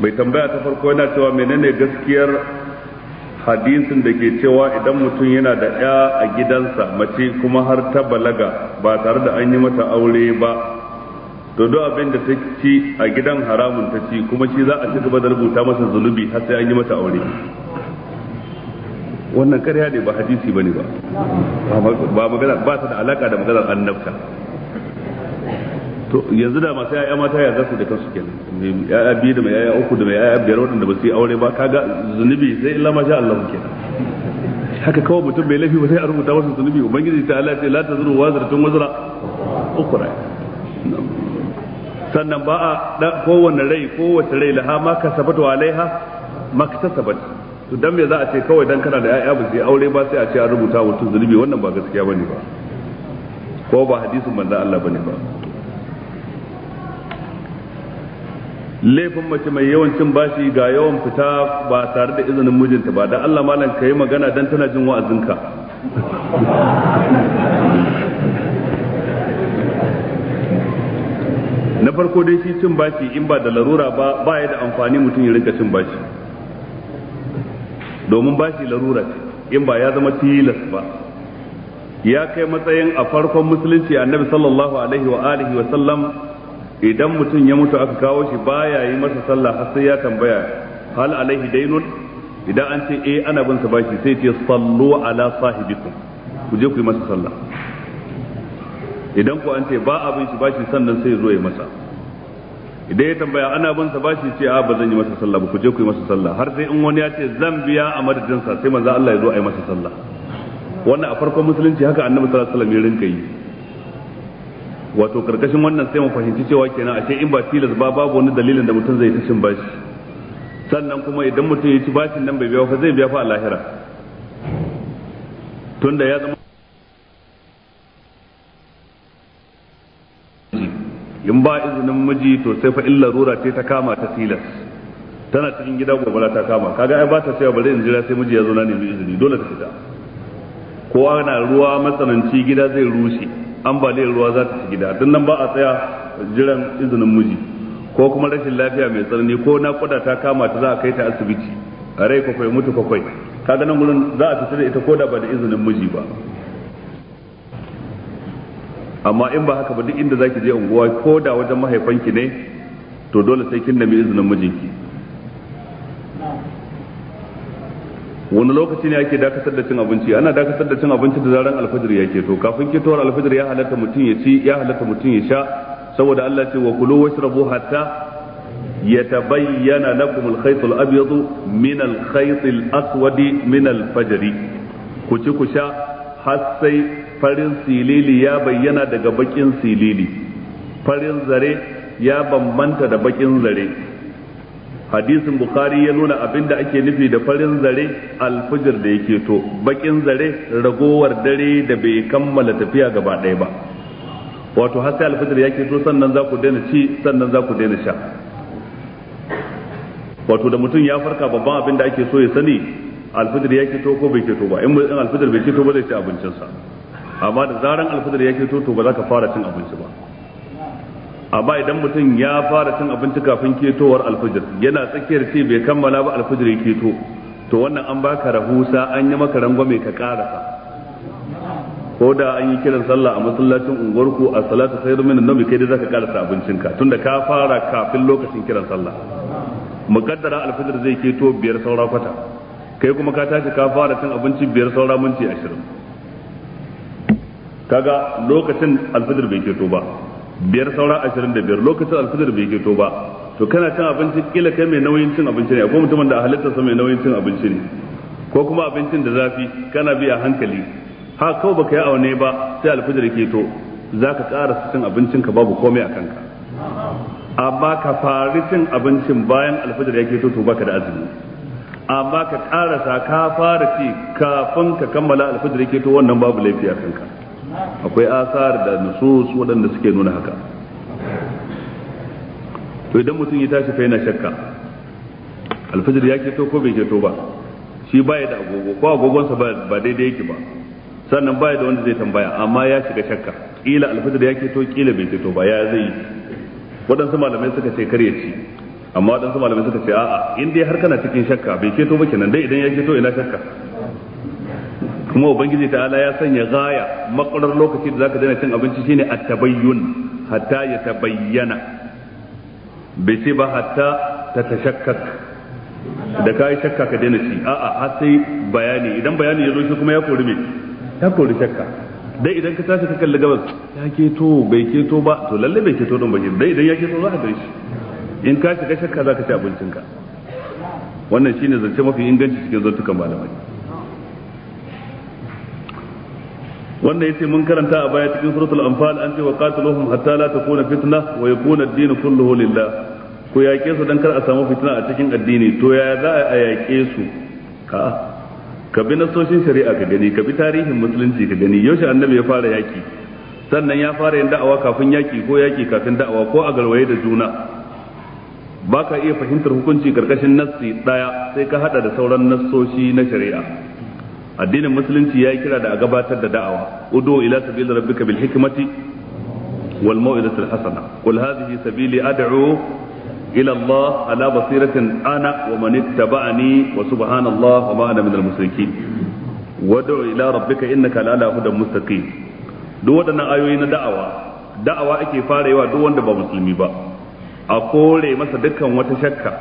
mai tambaya ta farko yana cewa menene gaskiyar hadisin da ke cewa idan mutum yana da ya a gidansa mace kuma har ta balaga ba tare da an yi mata aure ba to abin da ta ci a gidan haramun ta ci kuma shi za a ci gaba da rubuta masa zunubi har sai an yi mata aure wannan karya ne ba hadisi bane ba ba ba ta da alaka da maganar annabta to yanzu da masu ya'ya mata ya su da kansu kenan ya'ya biyu da mai ya'ya uku da mai ya'ya biyar waɗanda ba su yi aure ba kaga zunubi sai illa ma sha Allah ke haka kawai mutum bai laifi ba sai a rubuta wasu zunubi ubangiji ta Allah ce la tazuru wazratun uku ukra sannan ba a kowane rai kowace rai laha ma kasabat wa alaiha ma kasabat to dan me za a ce kawai dan kana da ya'ya ba sai aure ba sai a ce a rubuta mutum zunubi wannan ba gaskiya bane ba ko ba hadisin manzo Allah bane ba laifin mace mai yawan cin bashi ga yawan fita ba tare da izinin mijinta ba da Allah malam ka yi magana dan tana jin wa'azinka na farko dai shi cin bashi in ba da larura ba ba ya da amfani mutum ya rinka cin bashi domin bashi larura ce in ba ya zama tilas ba ya kai matsayin a farkon musulunci annabi sallallahu alaihi wa alihi wa sallam idan mutum ya mutu aka kawo shi baya yi masa sallah har sai ya tambaya hal alaihi dainun idan an ce eh ana bin sa bashi sai ce sallu ala sahibikum ku je ku yi masa sallah idan ku an ce ba abin shi baki sannan sai zo ya masa idan ya tambaya ana bin sa bashi ce a ba zan yi masa sallah ba ku je ku yi masa sallah har sai in wani ya ce zan biya a madadin sa sai manzo Allah ya zo a yi masa sallah wannan a farkon musulunci haka annabi sallallahu alaihi wasallam ya rinka yi wato karkashin wannan sai mu fahimci cewa kenan ashe in ba tilas ba babu wani dalilin da mutum zai ta cin bashi sannan kuma idan mutum ya ci bashin nan bai biya fa zai biya fa a lahira tunda ya zama in ba izinin miji to sai fa illa rura ce ta kama ta tilas tana cikin gida gobara ta kama kaga ai ba ta cewa bari in jira sai miji ya zo na nemi izini dole ta fita Kowa na ruwa matsananci gida zai rushe ambaliyar ruwa za ta ci gida don nan ba a tsaya jiran izinin miji ko kuma rashin lafiya mai tsanani ko naƙuda ta kama ta za a kai ta asibiti a rai kwakwai mutu kwakwai kaga nan gurin za a fita da ita ko da ba da izinin miji ba amma in ba haka ba duk inda za ki je unguwa ko da wajen mahaifanki ne to dole sai kin nemi izinin mijinki wani lokaci ne ake dakatar da cin abinci ana dakatar da cin abinci da zaran alfajir ya keto kafin ketowar alfajir ya halatta mutum ya ci ya halatta mutum ya sha saboda Allah ce wa kulu washrabu hatta yatabayyana lakum al-khayt al-abyad min al-khayt al min ku ci ku sha har sai farin silili ya bayyana daga bakin silili farin zare ya bambanta da bakin zare hadisin bukhari ya nuna abin da ake nufi da farin zare alfijir da yake to bakin zare ragowar dare da bai kammala tafiya gaba ɗaya ba wato har sai alfijir ya to sannan za ku daina ci sannan za ku daina sha wato da mutum ya farka babban abin da ake so ya sani alfijir ya to ko bai to ba in alfijir bai to ba zai ci abincinsa amma da zaran alfijir ya to to ba za ka fara cin abinci ba amma idan mutum ya fara cin abinci kafin ketowar alfajir yana tsakiyar ce bai kammala ba alfajir ya keto to wannan an baka rahusa an yi maka rangwame ka karasa ko da an yi kiran sallah a masallacin unguwarku a salatu sayar min nabi kai dai zaka karasa abincinka tunda ka fara kafin lokacin kiran sallah muqaddara alfajir zai keto biyar saura kwata kai kuma ka tashi ka fara cin abinci biyar saura minti ashirin kaga lokacin alfajir bai keto ba biyar saura ashirin da biyar lokacin alfajir bai keto ba to kana cin abinci kila kai mai nauyin cin abinci ne akwai mutumin da a sa mai nauyin cin abinci ne ko kuma abincin da zafi kana biya hankali ha kawai baka yi aune ba sai alfajir keto za ka ƙara cin abincin ka babu komai a kanka amma ka fari cin abincin bayan alfajir ya keto to baka da azumi amma ka ƙarasa ka fara ci kafin ka kammala alfajir keto wannan babu laifi a kanka akwai asar da nusus waɗanda suke nuna haka to idan mutum ya tashi fa yana shakka alfajir ya keto ko bai keto ba shi baya da agogo ko agogonsa ba daidai yake ba sannan baya da wanda zai tambaya amma ya shiga shakka kila alfajir ya keto kila bai keto ba ya zai waɗansu malamai suka ce kar ya ci amma waɗansu malamai suka ce a'a in dai har kana cikin shakka bai keto ba kenan dai idan ya keto ina shakka kuma ubangiji ta'ala ya sanya gaya makarar lokaci da zaka daina cin abinci shine a tabayyun hatta ya tabayyana bai ce ba hatta ta shakkak da yi shakka ka daina ci a'a har sai bayani idan bayani ya zo shi kuma ya kori me ya kori shakka dai idan ka tashi ka kalli gabas ya keto bai keto ba to lalle bai keto din ba dai idan ya keto za ka gani in ka shiga shakka za ka ci abincinka wannan shine zance mafi inganci cikin zantukan malamai wanda yace mun karanta a baya cikin suratul anfal an ce wa qatiluhum hatta la takuna fitna wa yakuna ad-din kulluhu lillah ko yake su dan kar a samu fitna a cikin addini to ya za a yake su ka ka bi nasoshin shari'a ka gani ka bi tarihin musulunci ka gani yaushe annabi ya fara yaki sannan ya fara yin da'awa kafin yaki ko yaki kafin da'awa ko a galwaye da juna baka iya fahimtar hukunci karkashin nassi ɗaya sai ka hada da sauran nasoshi na shari'a addinin musulunci ya kira da a gabatar da da'awa udu ila sabil rabbika bil hikmati wal mau'izatil hasana qul hadhihi sabili ad'u ila Allah ala basiratin ana wa man ittaba'ani wa subhanallah wa ma ana minal musrikin wad'u ila rabbika innaka ala hudan mustaqim duk waɗannan ayoyi na da'awa da'awa ake farewa duk wanda ba musulmi ba a kore masa dukkan wata shakka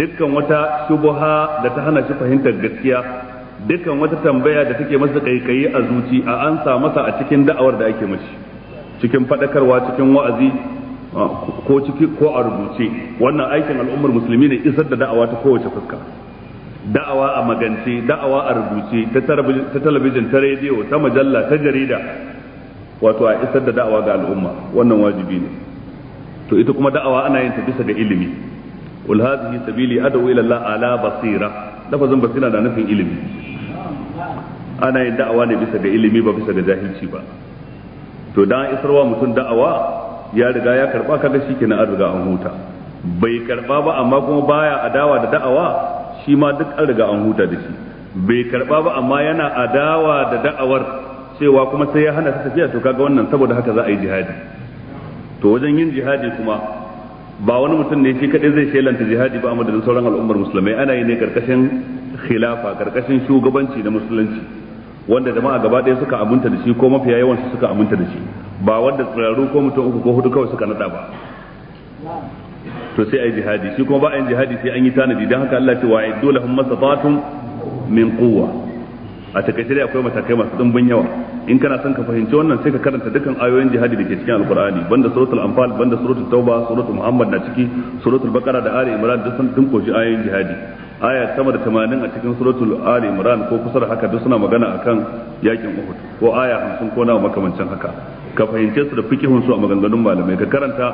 dukkan wata shubuha da ta hana shi fahimtar gaskiya dukkan wata tambaya da take masa kaikayi a zuci a an masa a cikin da'awar da ake mashi cikin fadakarwa cikin wa'azi ko ciki ko a rubuce wannan aikin al'ummar musulmi ne isar da da'awa ta kowace fuska da'awa a magance da'awa a rubuce ta talabijin ta rediyo ta majalla ta jarida wato a isar da da'awa ga al'umma wannan wajibi ne to ita kuma da'awa ana yin ta bisa ga ilimi qul hadhihi sabili ad'u ila Allah ala basira lafazin basira da nufin ilimi ana yin da'awa ne bisa ga ilimi ba bisa ga jahilci ba to dan isarwa mutum da'awa ya riga ya karba kaga shikenan an riga an huta bai karba ba amma kuma baya adawa da da'awa shi ma duk an riga an huta da shi bai karba ba amma yana adawa da da'awar cewa kuma sai ya hana ta tafiya to kaga wannan saboda haka za a yi jihadi to wajen yin jihadi kuma ba wani mutum ne shi kadai zai shelanta jihadi ba a madadin sauran al'ummar musulmai ana yi ne karkashin khilafa karkashin shugabanci da musulunci wanda jama'a gaba ɗaya suka aminta da shi ko mafiya yawan su suka aminta da shi ba wanda tsiraru ko mutum uku ko hudu kawai suka nada ba to sai ai jihadi shi kuma ba ai jihadi sai an yi tanadi dan haka Allah ce wa iddu lahum masatatun min quwwa a takaice dai akwai matakai masu dimbin yawa in kana son ka fahimci wannan sai ka karanta dukkan ayoyin jihadi da ke cikin alqur'ani banda suratul anfal banda suratul tauba suratul muhammad na ciki suratul baqara da ali imran duk sun koshi ayoyin jihadi aya sama da 80 a cikin suratul ali imran ko kusa da haka duk suna magana akan yakin uhud ko aya 50 ko nawa makamancin haka ka fahimce su da fikihun su a maganganun malamai ka karanta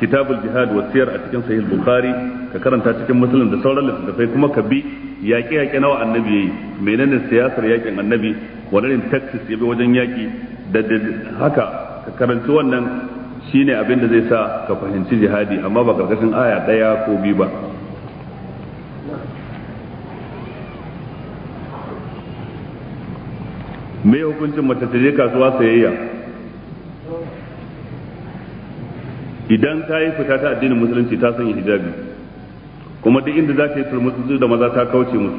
kitabul jihad wa siyar a cikin sahih bukhari ka karanta cikin muslim da sauran littattafai kuma ka bi yaƙe yaƙe nawa annabi yayi menene siyasar yakin annabi wani taktis ya bi wajen yaki da haka ka karanci wannan shine abin da zai sa ka fahimci jihadi amma ba karkashin aya ɗaya ko biyu ba me hukuncin mace ta je kasuwa sayayya idan ta yi fita ta addinin musulunci ta sanya hijabi kuma duk inda za ta yi turmutsu da maza ta kauce musu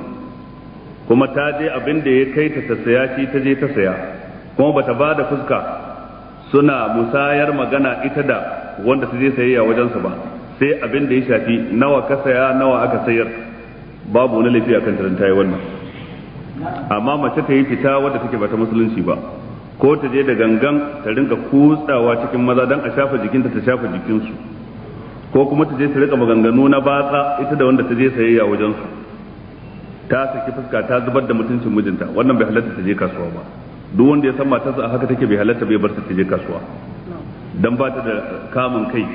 kuma ta je abin da ya kai ta saya shi ta je ta saya kuma bata ba da fuska suna musayar magana ita da wanda ta je sayayya wajensa ba sai abin da ya shafi nawa ka saya nawa aka sayar babu wani laifi akan ta yi wannan amma mace ta yi fita wadda take bata musulunci ba ko ta je da gangan ta rinka kutsawa cikin maza don a shafa jikinta ta shafa jikinsu ko kuma ta je ta rika maganganu na batsa ita da wanda ta je sayayya wajensu ta saki fuska ta zubar da mutuncin mijinta wannan bai halatta ta je kasuwa ba duk wanda ya san matarsa a haka take bai halatta bai bar ta je kasuwa dan ba ta da kamun kai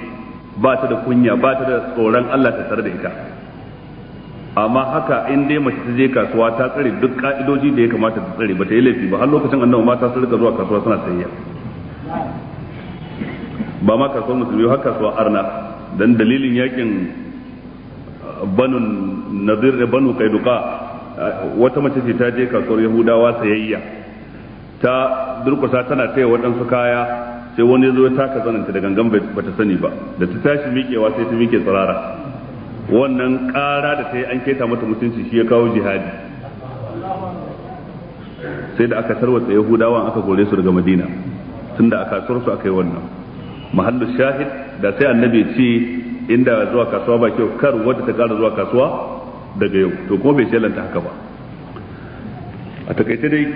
ba ta da kunya ba ta da tsoron Allah ta tare da ita amma haka in dai mace ta je kasuwa ta tsare duk ka'idoji da ya kamata ta tsare ba ta yi laifi ba har lokacin annabi mata sun rika zuwa kasuwa suna sayayya ba ma kasuwar musulmi har kasuwa arna dan dalilin yakin uh, banu nadir da banu kaiduka uh, wata mace ce ta je kasuwar yahudawa sayayya ta durkusa tana taya waɗansu kaya sai wani zo ya taka tsananta da gangan ta sani ba da ta tashi miƙewa sai ta miƙe tsirara wannan ƙara da ta yi an keta mata mutunci shi ya kawo jihadi sai da aka tarwatsa yahudawan aka gore su daga madina tun da a kasuwar su aka yi wannan mahallu shahid da sai annabi ce inda zuwa kasuwa ba kyau kar wadda ta kara zuwa kasuwa daga yau to kuma bai shelanta haka ba a takaice dai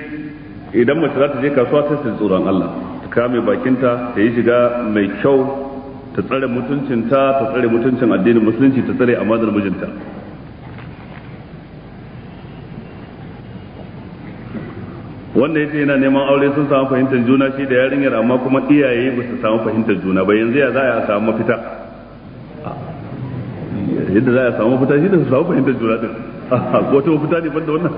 idan mace za ta je kasuwa sai ta tsoron Allah ta kame bakinta ta yi shiga mai kyau ta tsare mutuncinta ta tsare mutuncin addinin musulunci ta tsare amanar mijinta wanda yace yana neman aure sun samu fahimtar juna shi da yarinyar amma kuma iyaye ba su samu fahimtar juna ba yanzu ya za a samu mafita yadda za a samu mafita shi da su samu fahimtar juna din ko ta mafita ne banda wannan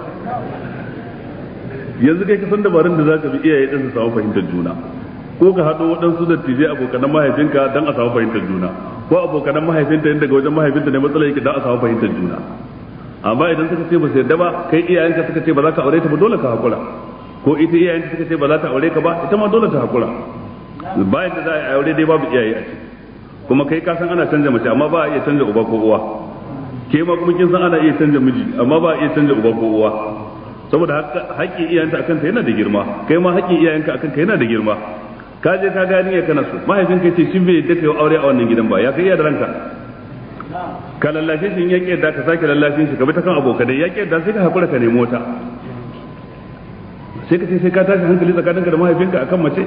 yanzu kai ka san dabarun da za ka bi iyaye din su samu fahimtar juna ko ka haɗo waɗansu dattijai abokan mahaifinka don a samu fahimtar juna ko abokanan mahaifinta yin daga wajen mahaifinta ne matsala yake don a samu fahimtar juna amma idan suka ce ba su yarda ba kai iyayenka suka ce ba za ka aure ta ba dole ka haƙura ko ita iyayenka suka ce ba za ta aure ka ba ita ma dole ta haƙura bayan da za a aure dai babu iyaye a ciki kuma kai ka san ana canza mace amma ba a iya canza uba ko uwa ke ma kuma kin san ana iya canza miji amma ba a iya canza uba ko uwa saboda haƙƙin iyayenta akan ta yana da girma kai ma haƙƙin iyayenka akan ka yana da girma ka je ka gani ya kana so mahaifin ka ce shi bai yadda kai aure a wannan gidan ba ya kai iya da ranka ka lallashe shi in da yadda ka sake lallashe shi ka bi ta kan abokanai ya da sai ka hakura ka ne mota. sai ka ce sai ka tashi hankali tsakaninka da mahaifinka akan mace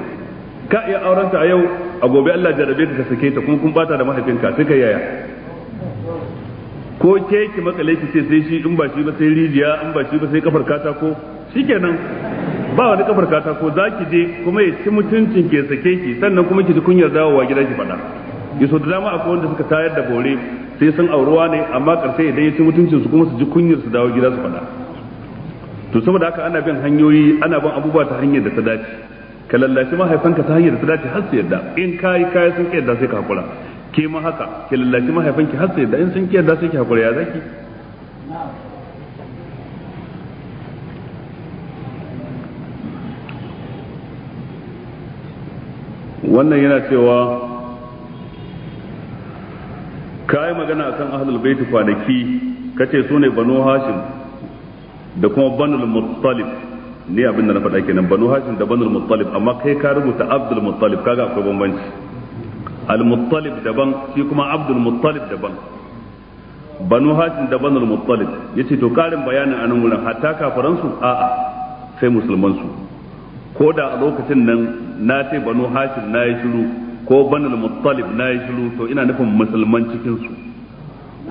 ka iya aurenta a yau a gobe Allah jarabe ka sake ta kuma kun bata da mahaifinka sai ka yaya ko ke ki makale ki ce sai shi in ba shi ba sai rijiya in ba shi ba sai kafar katako shikenan ba wani kafar ko za ki je kuma ya ci mutuncin ke sake ki sannan kuma ki ji kunyar wa gida ki faɗa yaso da dama akwai wanda suka tayar da bore sai sun auruwa ne amma karshe idan ya ci mutuncin su kuma su ji kunyar su dawo gida su faɗa to saboda haka ana bin hanyoyi ana bin abubuwa ta hanyar da ta dace ka lallashi mahaifanka ta hanyar da ta dace har su yadda in kayi kayi sun da sai ka hakura ke ma haka ki lallashi mahaifanki har su yadda in sun da sai ki hakura ya zaki wannan yana cewa ka yi magana akan ahlul baiti kwanaki kace su ne banu hashim da kuma banul muttalib ne abin da na faɗa kenan banu hashim da banul muttalib amma kai ka rubuta abdul muttalib kaga akwai bambanci al muttalib daban shi kuma abdul muttalib daban banu hashim da banul muttalib yace to karin bayanin anan wurin hatta kafaransu a'a sai musulmansu ko da a lokacin nan na ce banu hashim na yi shiru ko banul muttalib na yi shiru to ina nufin musulman cikin su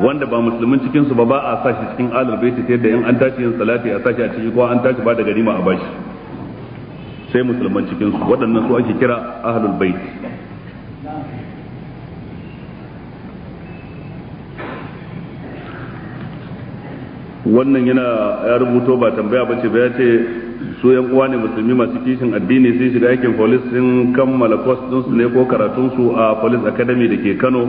wanda ba musulmin cikin su ba ba a sashi cikin alal baiti ta da in an tashi yin salati a sashi a ciki ko an tashi ba da ganima a bashi sai musulman cikin su waɗannan su ake kira ahlul bait wannan yana ya rubuto ba tambaya ba ce ba ya ce su yan uwa ne musulmi masu kishin addini sun shiga aikin police sun kammala course din su ne ko karatun su a police academy da ke Kano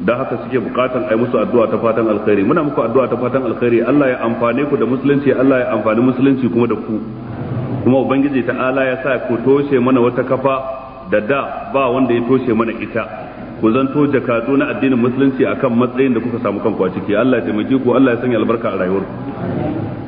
da haka suke bukatan ai musu addu'a ta fatan alkhairi muna muku addu'a ta fatan alkhairi Allah ya amfane ku da musulunci Allah ya amfani musulunci kuma da ku kuma ubangiji ta ala ya sa ku toshe mana wata kafa da da ba wanda ya toshe mana ita ku zanto jakadu na addinin musulunci akan matsayin da kuka samu kanku a ciki Allah ya taimake ku Allah ya sanya albarka a rayuwarku